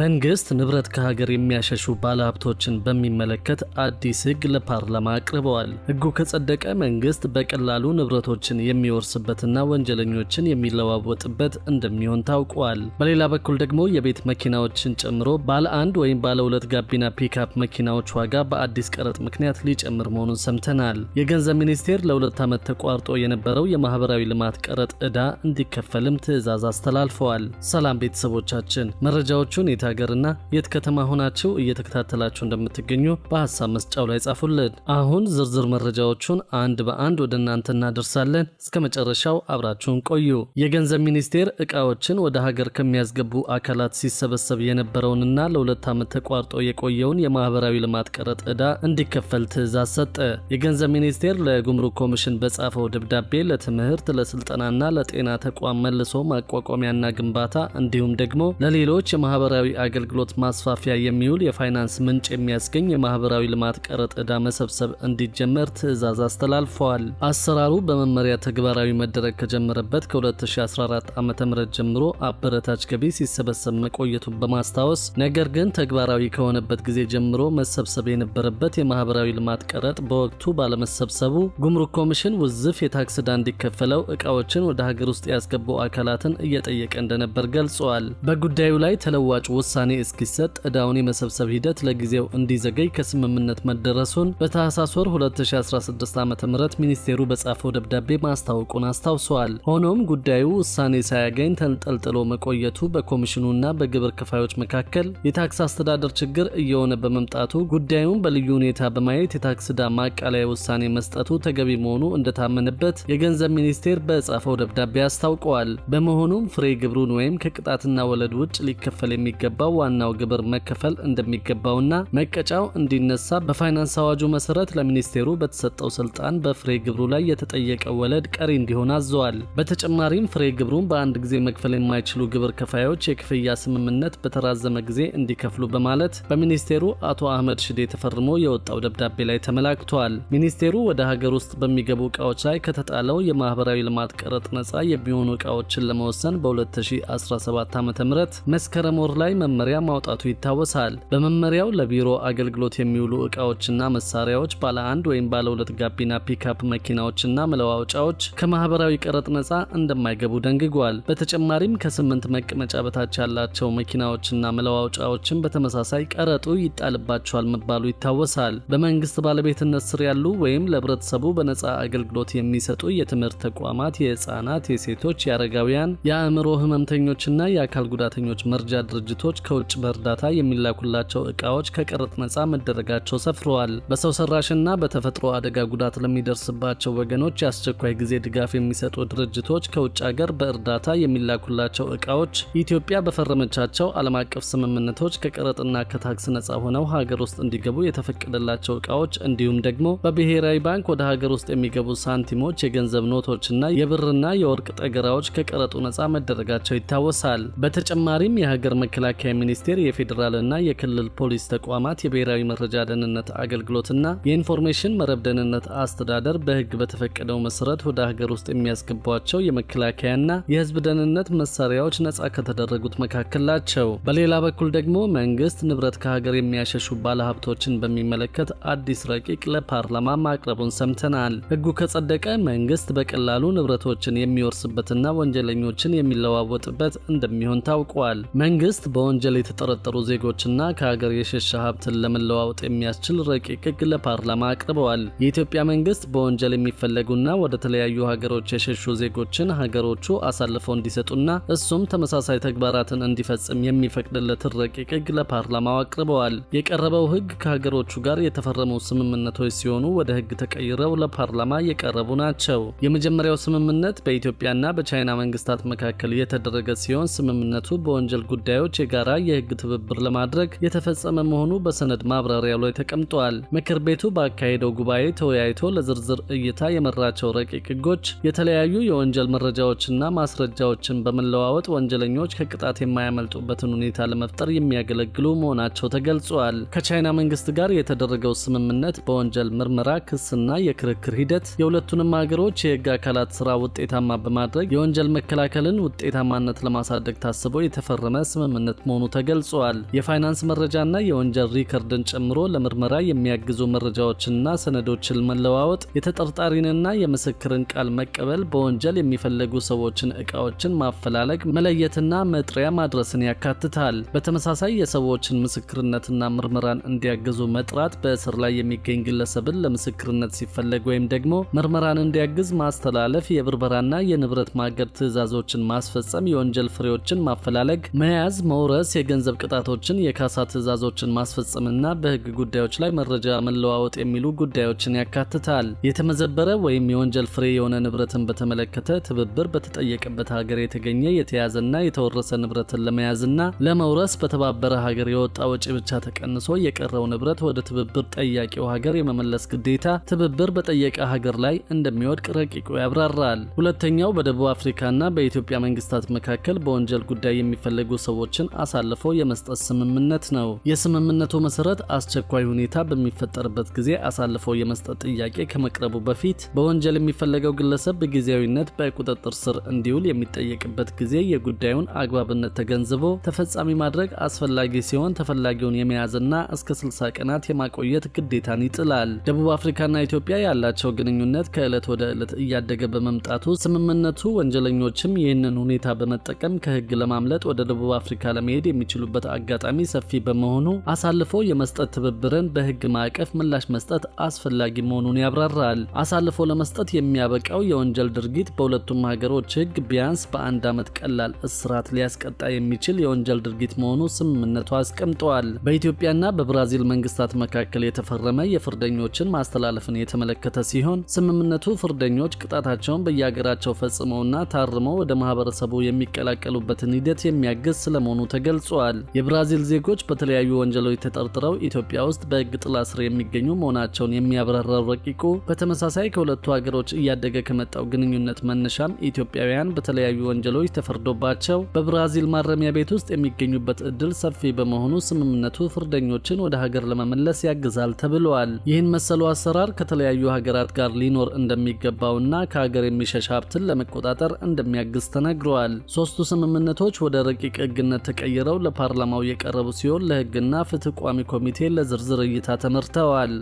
መንግስት ንብረት ከሀገር የሚያሸሹ ባለሀብቶችን በሚመለከት አዲስ ህግ ለፓርላማ አቅርበዋል። ህጉ ከጸደቀ መንግስት በቀላሉ ንብረቶችን የሚወርስበትና ወንጀለኞችን የሚለዋወጥበት እንደሚሆን ታውቋል። በሌላ በኩል ደግሞ የቤት መኪናዎችን ጨምሮ ባለ አንድ ወይም ባለ ሁለት ጋቢና ፒክአፕ መኪናዎች ዋጋ በአዲስ ቀረጥ ምክንያት ሊጨምር መሆኑን ሰምተናል። የገንዘብ ሚኒስቴር ለሁለት ዓመት ተቋርጦ የነበረው የማህበራዊ ልማት ቀረጥ ዕዳ እንዲከፈልም ትዕዛዝ አስተላልፈዋል። ሰላም ቤተሰቦቻችን መረጃዎቹን የት ሀገርና የት ከተማ ሆናችሁ እየተከታተላችሁ እንደምትገኙ በሀሳብ መስጫው ላይ ጻፉልን። አሁን ዝርዝር መረጃዎቹን አንድ በአንድ ወደ እናንተ እናደርሳለን። እስከ መጨረሻው አብራችሁን ቆዩ። የገንዘብ ሚኒስቴር እቃዎችን ወደ ሀገር ከሚያስገቡ አካላት ሲሰበሰብ የነበረውንና ለሁለት ዓመት ተቋርጦ የቆየውን የማህበራዊ ልማት ቀረጥ ዕዳ እንዲከፈል ትዕዛዝ ሰጠ። የገንዘብ ሚኒስቴር ለጉምሩክ ኮሚሽን በጻፈው ደብዳቤ ለትምህርት፣ ለስልጠናና ለጤና ተቋም መልሶ ማቋቋሚያና ግንባታ እንዲሁም ደግሞ ለሌሎች የማህበራዊ አገልግሎት ማስፋፊያ የሚውል የፋይናንስ ምንጭ የሚያስገኝ የማህበራዊ ልማት ቀረጥ ዕዳ መሰብሰብ እንዲጀመር ትዕዛዝ አስተላልፈዋል። አሰራሩ በመመሪያ ተግባራዊ መደረግ ከጀመረበት ከ2014 ዓ ም ጀምሮ አበረታች ገቢ ሲሰበሰብ መቆየቱን በማስታወስ ነገር ግን ተግባራዊ ከሆነበት ጊዜ ጀምሮ መሰብሰብ የነበረበት የማህበራዊ ልማት ቀረጥ በወቅቱ ባለመሰብሰቡ ጉምሩክ ኮሚሽን ውዝፍ የታክስ ዕዳ እንዲከፈለው እቃዎችን ወደ ሀገር ውስጥ ያስገቡ አካላትን እየጠየቀ እንደነበር ገልጸዋል። በጉዳዩ ላይ ተለዋጭ ውሳኔ እስኪሰጥ እዳውን የመሰብሰብ ሂደት ለጊዜው እንዲዘገይ ከስምምነት መደረሱን በታህሳስ ወር 2016 ዓ ም ሚኒስቴሩ በጻፈው ደብዳቤ ማስታወቁን አስታውሰዋል። ሆኖም ጉዳዩ ውሳኔ ሳያገኝ ተንጠልጥሎ መቆየቱ በኮሚሽኑና በግብር ከፋዮች መካከል የታክስ አስተዳደር ችግር እየሆነ በመምጣቱ ጉዳዩን በልዩ ሁኔታ በማየት የታክስ ዕዳ ማቃለያ ውሳኔ መስጠቱ ተገቢ መሆኑ እንደታመነበት የገንዘብ ሚኒስቴር በጻፈው ደብዳቤ አስታውቀዋል። በመሆኑም ፍሬ ግብሩን ወይም ከቅጣትና ወለድ ውጭ ሊከፈል የሚገባ እንደሚገባው ዋናው ግብር መከፈል እንደሚገባውና መቀጫው እንዲነሳ በፋይናንስ አዋጁ መሰረት ለሚኒስቴሩ በተሰጠው ስልጣን በፍሬ ግብሩ ላይ የተጠየቀ ወለድ ቀሪ እንዲሆን አዘዋል። በተጨማሪም ፍሬ ግብሩን በአንድ ጊዜ መክፈል የማይችሉ ግብር ከፋዮች የክፍያ ስምምነት በተራዘመ ጊዜ እንዲከፍሉ በማለት በሚኒስቴሩ አቶ አህመድ ሽዴ ተፈርሞ የወጣው ደብዳቤ ላይ ተመላክቷል። ሚኒስቴሩ ወደ ሀገር ውስጥ በሚገቡ እቃዎች ላይ ከተጣለው የማህበራዊ ልማት ቀረጥ ነጻ የሚሆኑ እቃዎችን ለመወሰን በ2017 ዓ ም መስከረም ወር ላይ መመሪያ ማውጣቱ ይታወሳል። በመመሪያው ለቢሮ አገልግሎት የሚውሉ እቃዎችና መሳሪያዎች ባለ አንድ ወይም ባለ ሁለት ጋቢና ፒካፕ መኪናዎችና መለዋወጫዎች ከማህበራዊ ቀረጥ ነፃ እንደማይገቡ ደንግጓል። በተጨማሪም ከስምንት መቀመጫ በታች ያላቸው መኪናዎችና መለዋወጫዎችን በተመሳሳይ ቀረጡ ይጣልባቸዋል መባሉ ይታወሳል። በመንግስት ባለቤትነት ስር ያሉ ወይም ለህብረተሰቡ በነፃ አገልግሎት የሚሰጡ የትምህርት ተቋማት፣ የህፃናት፣ የሴቶች፣ የአረጋውያን፣ የአእምሮ ህመምተኞችና የአካል ጉዳተኞች መርጃ ድርጅቶች ምርቶች፣ ከውጭ በእርዳታ የሚላኩላቸው እቃዎች ከቀረጥ ነፃ መደረጋቸው ሰፍረዋል። በሰው ሰራሽና በተፈጥሮ አደጋ ጉዳት ለሚደርስባቸው ወገኖች የአስቸኳይ ጊዜ ድጋፍ የሚሰጡ ድርጅቶች ከውጭ ሀገር በእርዳታ የሚላኩላቸው እቃዎች። ኢትዮጵያ በፈረመቻቸው ዓለም አቀፍ ስምምነቶች ከቀረጥና ከታክስ ነፃ ሆነው ሀገር ውስጥ እንዲገቡ የተፈቀደላቸው እቃዎች እንዲሁም ደግሞ በብሔራዊ ባንክ ወደ ሀገር ውስጥ የሚገቡ ሳንቲሞች፣ የገንዘብ ኖቶችና የብርና የወርቅ ጠገራዎች ከቀረጡ ነፃ መደረጋቸው ይታወሳል። በተጨማሪም የሀገር መከላከያ መከላከያ ሚኒስቴር፣ የፌዴራልና የክልል ፖሊስ ተቋማት፣ የብሔራዊ መረጃ ደህንነት አገልግሎትና የኢንፎርሜሽን መረብ ደህንነት አስተዳደር በህግ በተፈቀደው መሰረት ወደ ሀገር ውስጥ የሚያስገቧቸው የመከላከያና የሕዝብ ደህንነት መሳሪያዎች ነጻ ከተደረጉት መካከል ናቸው። በሌላ በኩል ደግሞ መንግስት ንብረት ከሀገር የሚያሸሹ ባለሀብቶችን በሚመለከት አዲስ ረቂቅ ለፓርላማ ማቅረቡን ሰምተናል። ህጉ ከጸደቀ መንግስት በቀላሉ ንብረቶችን የሚወርስበትና ወንጀለኞችን የሚለዋወጥበት እንደሚሆን ታውቋል። መንግስት በ በወንጀል የተጠረጠሩ ዜጎችና ከሀገር የሸሸ ሀብትን ለመለዋወጥ የሚያስችል ረቂቅ ሕግ ለፓርላማ አቅርበዋል። የኢትዮጵያ መንግስት በወንጀል የሚፈለጉና ወደ ተለያዩ ሀገሮች የሸሹ ዜጎችን ሀገሮቹ አሳልፈው እንዲሰጡና እሱም ተመሳሳይ ተግባራትን እንዲፈጽም የሚፈቅድለትን ረቂቅ ሕግ ለፓርላማው አቅርበዋል። የቀረበው ሕግ ከሀገሮቹ ጋር የተፈረሙ ስምምነቶች ሲሆኑ ወደ ህግ ተቀይረው ለፓርላማ የቀረቡ ናቸው። የመጀመሪያው ስምምነት በኢትዮጵያና በቻይና መንግስታት መካከል የተደረገ ሲሆን ስምምነቱ በወንጀል ጉዳዮች ጋራ የህግ ትብብር ለማድረግ የተፈጸመ መሆኑ በሰነድ ማብራሪያው ላይ ተቀምጧል። ምክር ቤቱ ባካሄደው ጉባኤ ተወያይቶ ለዝርዝር እይታ የመራቸው ረቂቅ ህጎች የተለያዩ የወንጀል መረጃዎችና ማስረጃዎችን በመለዋወጥ ወንጀለኞች ከቅጣት የማያመልጡበትን ሁኔታ ለመፍጠር የሚያገለግሉ መሆናቸው ተገልጿል። ከቻይና መንግስት ጋር የተደረገው ስምምነት በወንጀል ምርመራ ክስና የክርክር ሂደት የሁለቱንም ሀገሮች የህግ አካላት ስራ ውጤታማ በማድረግ የወንጀል መከላከልን ውጤታማነት ለማሳደግ ታስቦ የተፈረመ ስምምነት መሆኑ ተገልጿል። የፋይናንስ መረጃና የወንጀል ሪከርድን ጨምሮ ለምርመራ የሚያግዙ መረጃዎችንና ሰነዶችን መለዋወጥ፣ የተጠርጣሪንና የምስክርን ቃል መቀበል፣ በወንጀል የሚፈለጉ ሰዎችን እቃዎችን ማፈላለግ፣ መለየትና መጥሪያ ማድረስን ያካትታል። በተመሳሳይ የሰዎችን ምስክርነትና ምርመራን እንዲያግዙ መጥራት፣ በእስር ላይ የሚገኝ ግለሰብን ለምስክርነት ሲፈለግ ወይም ደግሞ ምርመራን እንዲያግዝ ማስተላለፍ፣ የብርበራና የንብረት ማገድ ትዕዛዞችን ማስፈጸም፣ የወንጀል ፍሬዎችን ማፈላለግ፣ መያዝ፣ መውረ ርዕስ የገንዘብ ቅጣቶችን፣ የካሳ ትዕዛዞችን ማስፈጸምና በህግ ጉዳዮች ላይ መረጃ መለዋወጥ የሚሉ ጉዳዮችን ያካትታል። የተመዘበረ ወይም የወንጀል ፍሬ የሆነ ንብረትን በተመለከተ ትብብር በተጠየቀበት ሀገር የተገኘ የተያዘና የተወረሰ ንብረትን ለመያዝና ለመውረስ በተባበረ ሀገር የወጣ ወጪ ብቻ ተቀንሶ የቀረው ንብረት ወደ ትብብር ጠያቂው ሀገር የመመለስ ግዴታ ትብብር በጠየቀ ሀገር ላይ እንደሚወድቅ ረቂቁ ያብራራል። ሁለተኛው በደቡብ አፍሪካና በኢትዮጵያ መንግስታት መካከል በወንጀል ጉዳይ የሚፈለጉ ሰዎችን አሳልፈው የመስጠት ስምምነት ነው። የስምምነቱ መሰረት አስቸኳይ ሁኔታ በሚፈጠርበት ጊዜ አሳልፈው የመስጠት ጥያቄ ከመቅረቡ በፊት በወንጀል የሚፈለገው ግለሰብ በጊዜያዊነት በቁጥጥር ስር እንዲውል የሚጠየቅበት ጊዜ የጉዳዩን አግባብነት ተገንዝቦ ተፈጻሚ ማድረግ አስፈላጊ ሲሆን ተፈላጊውን የመያዝና እስከ 60 ቀናት የማቆየት ግዴታን ይጥላል። ደቡብ አፍሪካና ኢትዮጵያ ያላቸው ግንኙነት ከዕለት ወደ ዕለት እያደገ በመምጣቱ ስምምነቱ ወንጀለኞችም ይህንን ሁኔታ በመጠቀም ከህግ ለማምለጥ ወደ ደቡብ አፍሪካ ለመሄድ መሄድ የሚችሉበት አጋጣሚ ሰፊ በመሆኑ አሳልፎ የመስጠት ትብብርን በህግ ማዕቀፍ ምላሽ መስጠት አስፈላጊ መሆኑን ያብራራል። አሳልፎ ለመስጠት የሚያበቃው የወንጀል ድርጊት በሁለቱም ሀገሮች ህግ ቢያንስ በአንድ ዓመት ቀላል እስራት ሊያስቀጣ የሚችል የወንጀል ድርጊት መሆኑ ስምምነቱ አስቀምጠዋል። በኢትዮጵያና በብራዚል መንግስታት መካከል የተፈረመ የፍርደኞችን ማስተላለፍን የተመለከተ ሲሆን ስምምነቱ ፍርደኞች ቅጣታቸውን በየሀገራቸው ፈጽመውና ታርመው ወደ ማህበረሰቡ የሚቀላቀሉበትን ሂደት የሚያግዝ ስለመሆኑ ተገልጿል። የብራዚል ዜጎች በተለያዩ ወንጀሎች ተጠርጥረው ኢትዮጵያ ውስጥ በሕግ ጥላ ስር የሚገኙ መሆናቸውን የሚያብራራው ረቂቁ በተመሳሳይ ከሁለቱ ሀገሮች እያደገ ከመጣው ግንኙነት መነሻም ኢትዮጵያውያን በተለያዩ ወንጀሎች ተፈርዶባቸው በብራዚል ማረሚያ ቤት ውስጥ የሚገኙበት እድል ሰፊ በመሆኑ ስምምነቱ ፍርደኞችን ወደ ሀገር ለመመለስ ያግዛል ተብሏል። ይህን መሰሉ አሰራር ከተለያዩ ሀገራት ጋር ሊኖር እንደሚገባውና ከሀገር የሚሸሽ ሀብትን ለመቆጣጠር እንደሚያግዝ ተነግረዋል። ሶስቱ ስምምነቶች ወደ ረቂቅ ሕግነት ተቀይረው ለፓርላማው የቀረቡ ሲሆን ለህግና ፍትህ ቋሚ ኮሚቴ ለዝርዝር እይታ ተመርተዋል።